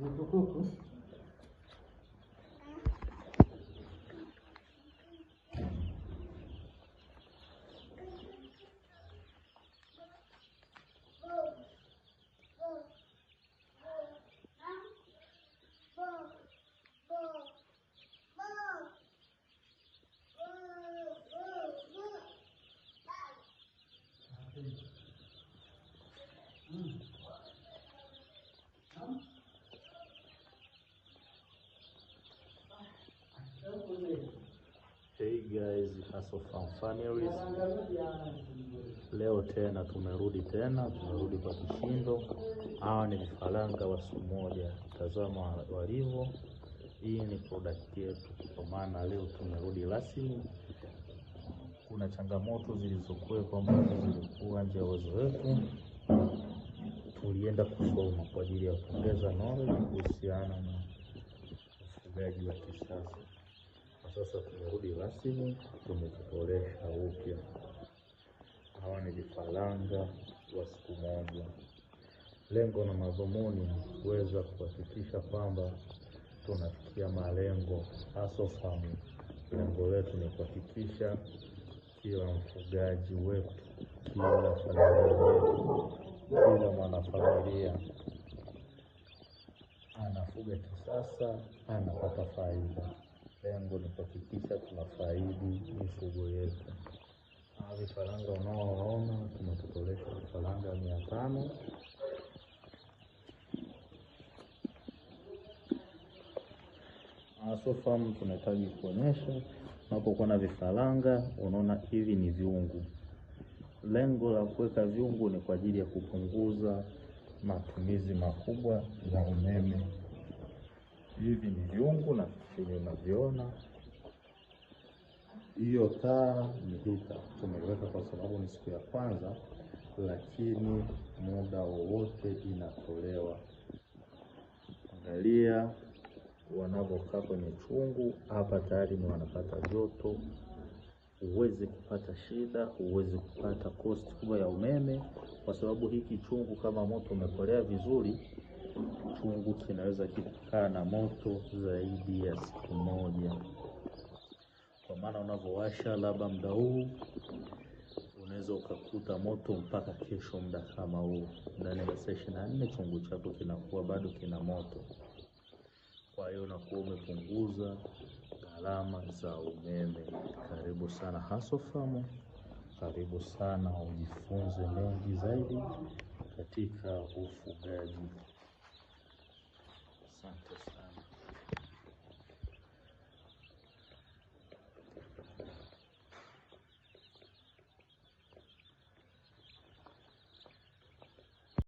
Muito pouco. Thank you. Hey guys, Hustle Farm Families. Leo tena tumerudi tena, tumerudi kwa kishindo. Hawa ni vifaranga wa siku moja, tazama walivyo. Hii ni product yetu, kwa maana leo tumerudi rasmi. Kuna changamoto zilizokuwepo ambazo zilikuwa nje ya uwezo wetu, tulienda kusoma kwa ajili ya kuongeza knowledge kuhusiana na ufugaji wa kisasa na sasa tumerudi rasmi, tumezitolesha upya. Hawa ni vifaranga wa siku moja. Lengo na madhumuni ni kuweza kuhakikisha kwamba tunafikia malengo asofamu. Lengo letu ni kuhakikisha kila mfugaji wetu, kila familia yetu, kila mwanafamilia anafuga kisasa, anapata faida. Lengo ni kuhakikisha tunafaidi mifugo yetu. Hawa vifaranga unaowaona tumetotolesha vifaranga mia tano asofamu ah, tunahitaji kuonyesha unapokuwa na vifaranga, unaona hivi ni vyungu. Lengo la kuweka vyungu ni kwa ajili ya kupunguza matumizi makubwa ya umeme hivi ni vyungu na vyenye unaviona. Hiyo taa ni hita tumeweka kwa sababu ni siku ya kwanza, lakini muda wowote inatolewa. Angalia wanavyokaa kwenye chungu hapa, tayari ni wanapata joto. Huwezi kupata shida, huwezi kupata kosti kubwa ya umeme, kwa sababu hiki chungu kama moto umekolea vizuri changu kinaweza kikakaa na moto zaidi ya siku moja, kwa maana unavyowasha labda muda huu unaweza ukakuta moto mpaka kesho muda kama huu, ndani ya saa ishirini na nne chungu chako kinakuwa bado kina moto. Kwa hiyo unakuwa umepunguza gharama za umeme. Karibu sana Hasofam, karibu sana ujifunze mengi zaidi katika ufugaji. Santos. Um,